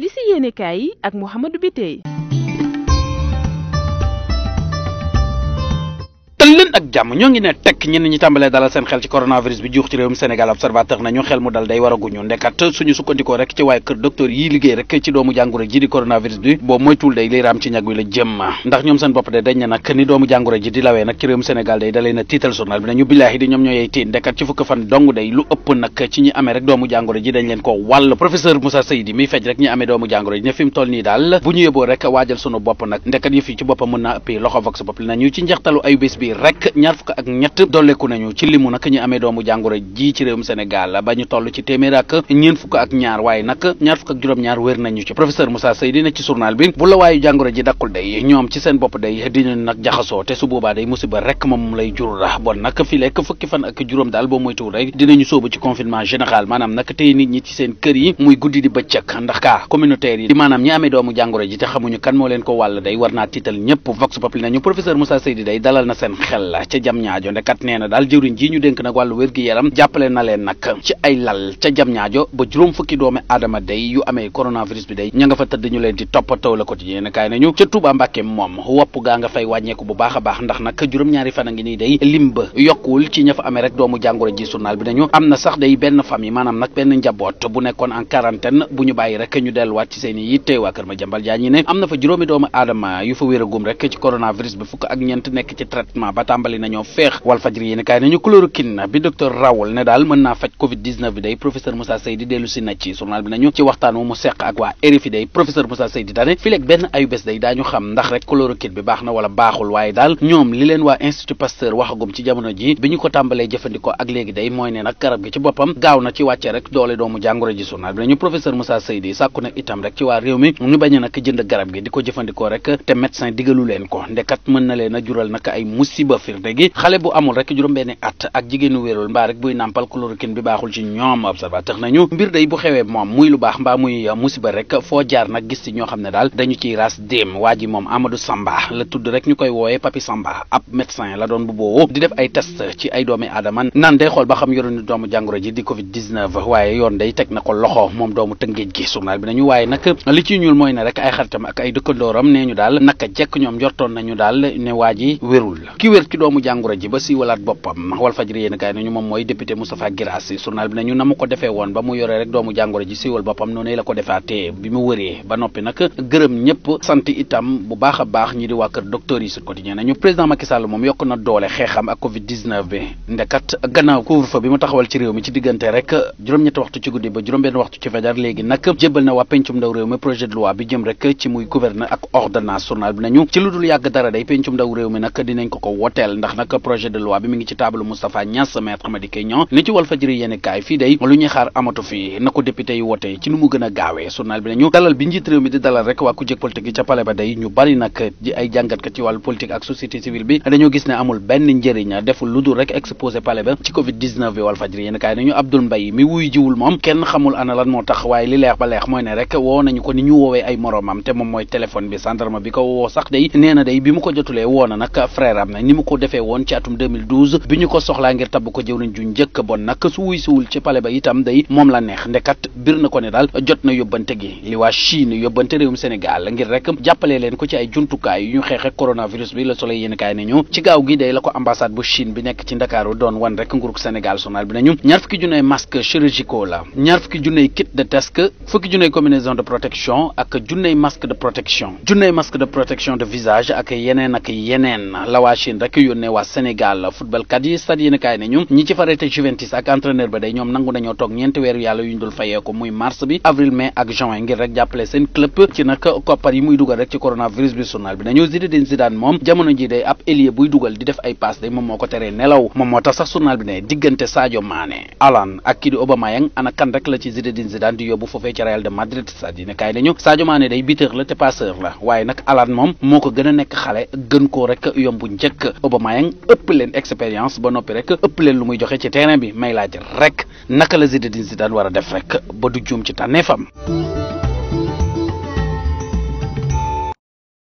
li si yéenekaay yi ak Mouhamadou Biteye jàmm ñoo ngi ne tekk ñenn ñi tàmbalee dalal seen xel ci coronavirus bi juux ci réewum Sénégal observateur nañu xel mu dal day waraguñu ndekat suñu sukkandikoo rek ci waaye kër docteur yi liggéey rek ci doomu jàngoro ji di coronavirus bi boo moytuwul day li raam ci ñag wi la jëm ndax ñoom seen bopp de dañ ne nag ni doomu jàngoro ji di lawee nag ci réewum Sénégal day dalee na tiital journal bi nañu billaahi di ñoom ñoo yey tiin ndekat ci fukk fan dong day lu ëpp nag ci ñi amee rek doomu jàngoro ji dañ leen ko wàll professeur Moussa Seydi mi fej rek ñi amee doomu jàngoro ji ne fi toll nii daal bu ñu yeboo rek waajal sunu bopp nag ndekat yëf ci loxo vox nañu ci ayu bés bi rek ñaar fukk ak ñett dolleeku nañu ci limu nag ñu amee doomu jàngoro ji ci réewum Sénégal ba ñu toll ci téeméer ak ñeen fukk ak ñaar waaye nag ñaar fukk ak juróom-ñaar wér nañu ci professeur Moussa Seydi ne ci journal bi bu la waayu jàngoro ji dakkul day ci boobaa day musiba rek moom lay jur la ak juróom daal boo moytuwul rek dinañu sóobu confinement général maanaam nag tey nit ñi ci seen kër yi muy guddi di bëccëg ndax kaa communautaire yi maanaam ñi amee doomu jàngoro ji te xamuñu kan moo leen ko wàll day war naa tiital ñëpp vox populi nañu professeur Moussa Seydi day ca jam ñaajo ndekat nee na daal jëwriñ ji ñu dénk nag wàllu wér-gi-yaram jàppale na leen nag ci ay lal ca jam ñaajo ba juróom fukki doomi aadama day yu amee coronavirus bi a a ña fa amee rek i yitte waa fukk ak ñeent nekk ci traitement ba tàmbali nañoo feex Walfadjri yéen kaay nañu chloroquine bi docteur Raoul ne daal mën naa faj covid bi day professeur Moussa Seydi dellu nañu ci waxtaan wu mu seq ak waa RFI day professeur Moussa Seydi dane fi benn ayu bés day xam ndax rek chloroquine bi baax na wala baaxul waaye daal ñoom li leen waa institut Pasteur waxagum ci jamono ji bi ñu ko tàmbalee jëfandikoo ak léegi day mooy ne nag garab gi ci boppam gaaw na ci wàcce rek doole doomu legi xale bu amul rek juróom benn at ak jigéenu wéerul mbaa rek buy nampal chloroquine bi baaxul ci ñoom observateur nañu mbir day bu xewee moom muy lu baax mbaa muy musiba rek foo jaar nag gis ci ñoo xam ne daal dañu ciy ras déem waa ji moom Amadou Samba la tudd rek ñu koy Papi Samba ab médecin la doon bu boowu di def ay test ci ay doomi aadama naan day xool ba xam yoroon doomu jàngoro ji di covid 19 waaye yoon day teg na ko loxo moom doomu tëngéej gi journal bi nañu waaye nag li ci ñuul mooy ne rek ay xaritam ak ay dëkkandooram nee ñu daal naka jekk ñoom njortoon nañu daal ne waa ji wérul ki wér ci doomu doomu jangoro ji ba walat bopam wal fajri yéen kay ñu mom moy député Moustapha Guirassy journal bi ne ñu mu ko defee woon ba mu yoré rek doomu jangoro ji wal bopam noné la ko bi mu ba nopi nak gërëm ñëpp itam bu baaxa baax ñi di waa kër docteur yi Sud Quotidien ñu président Macky Sall mom yok na doole xeexam ak covid 19 bi ndekat gannaaw couvre-feu bi mu taxawal ci réew mi ci digënté rek juroom ñett waxtu ci guddé ba juroom waxtu ci fajar légui nak jébbal na wa pencum ndaw réew mi projet de loi bi jëm rek ci muy gouverneur ak ordonnance journal bi ñu ci luddul yag dara day pencum ndaw réew mi nak dinañ ko ko wotel ndax nag projet de loi bi mi ngi ci table Moustapha Niass maître Madické Niang ni ci Walfadjri yéen kaay fii day lu ñuy xaar amatu fi na ko député yi wote ci nu mu gën a gaawee journal bi nañu dalal bi njiit réew mi di dalal rek waa ku jëkk politique yi ca pale ba day ñu bari nag di ay jàngatkat ci wàllu politique ak société civile bi dañoo gis ne amul benn njëriñ deful lu dul rek exposé pale ba ci covid 19 bi Walfadjri yéen kaay nañu nañu ko ni defee woon ci atum bi ñu ko soxlaa ngir tabb ko jëwriñ ju njëkk bon nag su wuy siwul ci pale ba itam day moom la neex ndekat bir na ko ne daal jot na yóbbante gi li waa Chine yóbbante réewum Sénégal ngir rek jàppale leen ko ci ay jumtukaay yu ñu xeex ak coronavirus bi la Soleil yéen nañu ci gaaw gi day la ko ambassade bu Chine bi nekk ci Ndakaaru doon wan rek nguurug Sénégal journal bi nañu ñaar fukki junne masque chirurgicaux la ñaar fukki junne kit de ne waa Sénégal football kat yi stade kaay ne ñi ci farete Juventus ak entraîneur ba day ñoom nangu nañoo toog ñeenti weeru yàlla yu ñu dul fayee ko muy mars bi avril mai ak juin ngir rek jàppale seen club ci nag koppar yi muy dugal rek ci coronavirus bi journal bi nañu Zinedine moom jamono ji day ab ailier buy dugal di def ay passe day moom moo ko teree nelaw moom moo tax sax journal bi ne diggante Sadio Mané Alan ak kii di Aubameyang ana rek la Mayang ëpp leen expérience ba noppi rek ëpp leen lu muy joxe ci terrain bi may laaj rek naka la Zinedine Zidane war a def rek ba du juum ci fam